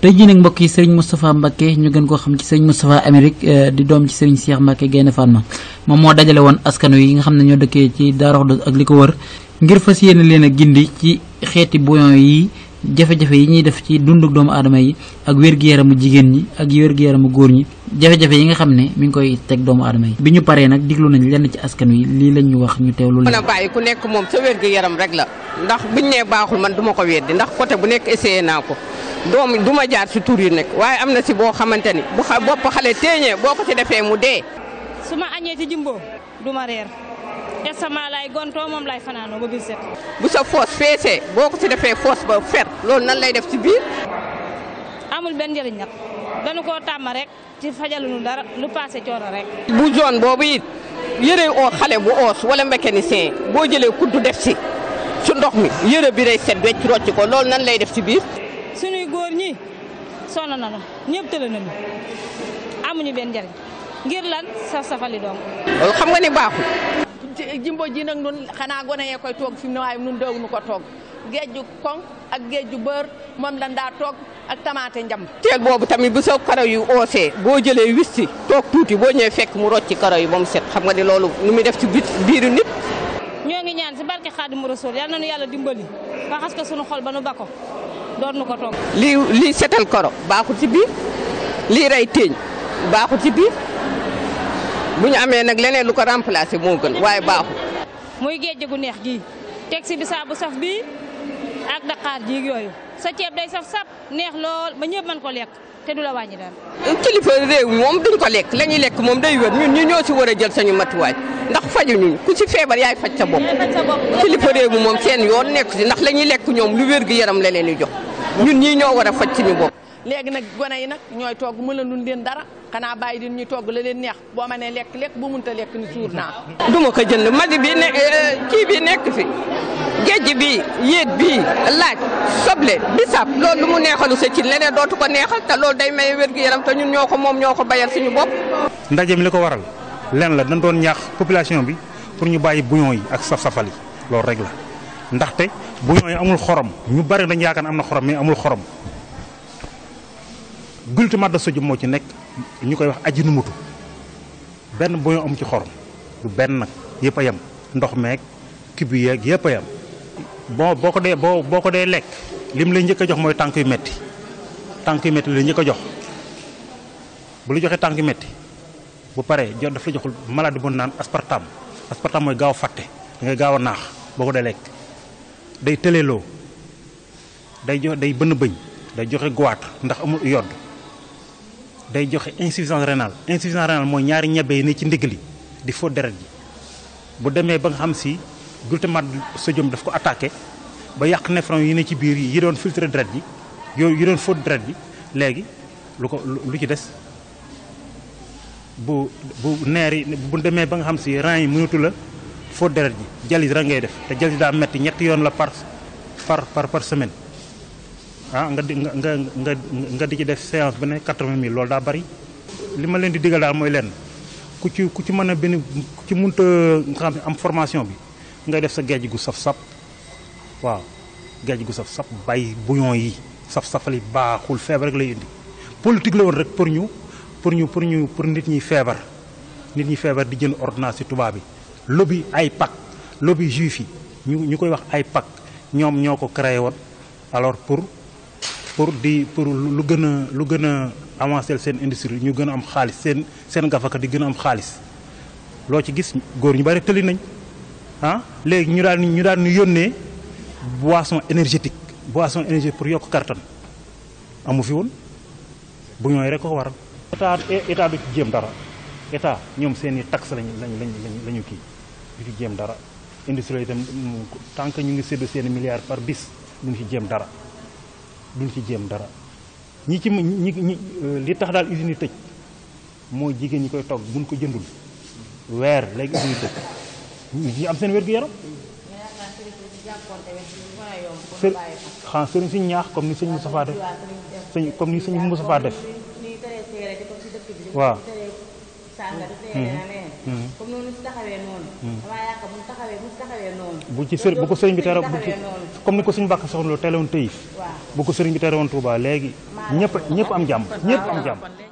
tey jii mbokk yi sëriñ Moustapha Mbacke ñu gën koo xam ci sëriñ Moustapha Amérique euh, di doom ci sëriñ Cheikh Mbacke Gaynde Fatma moom moo dajale woon askano yi nga xam ne ñoo dëkkee ci Darou Khoudoss ak li ko wër ngir fas yéene leen a gindi ci xeeti bouillon yi jafe yi ñuy def ci dundu doomu aadama yi ak wér-gu-yaramu jigéen ñi ak wér-gu-yaramu góor ñi jafe-jafe yi nga xam ne mu ngi koy teg doomu aadama yi bi ñu paree nag diglu nañ lenn ci askan wi lii lañ ñu wax ñu teewlu mën a bàyyi ku nekk moom sa wér-gu-yaram rek la ndax buñ nee baaxul man duma ko weddi ndax côté bu nekk essayé naa ko doom du ma jaar si tur yi nag waaye am na si boo xamante ni bu xa bopp xale téeñee boo ko si defee mu dee. su ma añee ci jimbo du ma reer te sama lay moom lay fanaanoo ba biir set. bu sa foos feesee boo ko si defee foos ba fer loolu nan lay def si biir. amul benn njëriñ nag dañu koo tàmm rek ci fajaluñu dara lu paase coono rek. bu joon boobu it yëre oo xale bu oos wala mécanicien boo jëlee kuddu def si su ndox mi yére bi day set wecc rocc ko loolu nan lay def si biir. suñuy góor ñi sonn nañu ñëpp tële nañu amuñu benn njariñ ngir lan saf safali doom xam nga ni baaxul jimbo ji nag nun xanaa gone yee koy toog fi mu ne waaye nun dooguñu ko toog géej ju koŋ ak géej ju bër moom lan daa toog ak tamaate njam teel boobu tamit bu sa karaw boo jële wis si toog tuuti boo ñëwee fekk mu rocci karaw yi ba mu set xam nga ni loolu nu mu def ci biiru nit ñoo ngi ñaan si barke Xaadimu Rasuul yal na nu yàlla dimbali raxas ko sunu xol ba nu doon nu ko togg. lii lii setal koro baaxul ci biir lii rey teeñ baaxul ci biir bu ñu amee nag leneen lu ko remplacer moo gën waaye baaxul. muy géej gu neex gii teg si bisaabu saf bii ak daqaar ji yooyu sa ceeb day saf sap neex lool ba ñëpp mën ko lekk te du la wàññi dara. kilifa réew mi moom duñ ko lekk la ñuy lekk moom day wér ñu ñoo si war a jël sañu matuwaay ndax fajuñu ku si feebar yaay faj sa bopp kilifa réew mi moom seen yoon nekk si ndax la ñuy lekk ñoom lu wér gi yaram la leen di jox. ñun ñii ñoo war a faj ñu bopp. léegi nag gone yi nag ñooy togg mënalul leen dara xanaa bàyyi di ñu togg la leen neex boo ma nee lekk lekk bu ta lekk ni suur naa. du ma ko jënd madi bi ne eh, eh, kii bi nekk fi géej bi yéet bi laaj soble bisab loolu lu mu neexalu sa ci leneen dootu ko neexal te lool day maye wér gu yaram ñun ñoo ko moom ñoo ko bayal suñu bopp. ndaje mi li ko waral lenn la dañ doon ñaax population bi pour ñu bàyyi bouillon yi ak saf-safal yi loolu rek ndaxte bu ñooy amul xorom ñu bari dañ yaakaar amna xorom mais amul xorom gultumat de sodium mo ci nek ñu koy wax aji mutu ben bu ñoo am ci xorom du ben nak yëpp a ndox meek kibu yeek yëpp ayam bo boko boo boko dee boo lim lay ñëk jox moy tangki yu metti tànk yu metti lay ñëk jox bu lu joxe tànk yu metti bu paré jox dafa joxul malade bu naan aspartam aspartam moy gaaw fàtte nga gaaw naax boko lek day tëleloo day jox day bënn bëñ day joxe goitre ndax amul yodd day joxe insuffisance renal insuffisance rénale mooy ñaari ñebe yi ne ci ndigg li di fóot deret ji bu demee ba nga xam si sa sodium daf ko attaqué ba yàq néphron yi ne ci biir yi doon filtre deret ji yooyu yi doon fóot deret ji léegi lu ko lu ci des bu bu neeri yi bu demee ba nga xam si rein yi mënatu la fo deret ji jalis ra ngay def te jalis da metti ñetti yoon la par par par par semaine ah nga nga nga nga di ci def séance bu ne 80 000 loolu daa bari li ma leen di digal daal mooy lenn ku ci ku ci mën a benn ku ci munta nga xam am formation bi ngay def sa géej gu saf sap waaw géej gu saf sap bay bouillon yi saf safali baaxul feebar rek lay indi politique la woon rek pour ñu pour ñu pour ñu pour nit ñi feebar nit ñi feebar di jënd ordonnance ci tubaab bi lobby ay pak lobby juif yi ñu ñu koy wax ay pak ñoom ñoo ko créé woon alors pour pour di pour lu gën a lu gën a avancer seen industrie ñu gën a am xaalis seen seen gafaka di gën a am xaalis loo ci gis góor ñu bari tëli nañ ah léegi ñu daan ñu daan ñu yónnee boisson énergétique boisson énergétique pour yokk kartan amu fi woon bu ñooy rek ko waral état état du ci jéem dara état ñoom seen i taxe lañu lañu lañu la ñu kii du fi jéem dara industrie itam mm, tant que ñu ngi séddu seen milliards par bis duñ ci jëm dara duñ ci jëm dara ñi ci ñi ñi euh, li tax daal usine yi tëj mooy jigéen ñi koy togg buñ ko jëndul weer léegi usine yi tëj ñu am seen wér-gu-yaram sëriñ si ñaax comme ni sëñ Moustapha def sëñ comme ni sëñ Moustapha def waaw comme hmm. noonu bu ci sëriñ bu ko sëriñ bi tere bu ci comme ni ko suñu bàkk soxla teeloon tëyif bu ko sëriñ bi tere woon Touba léegi ñëpp ñëpp am jàmm ñëpp am jàmm.